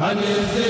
ani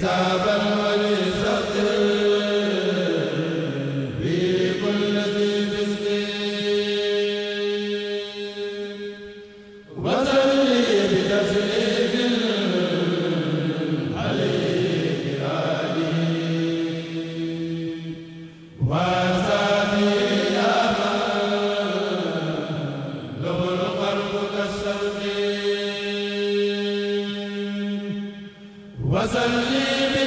sabal وسلم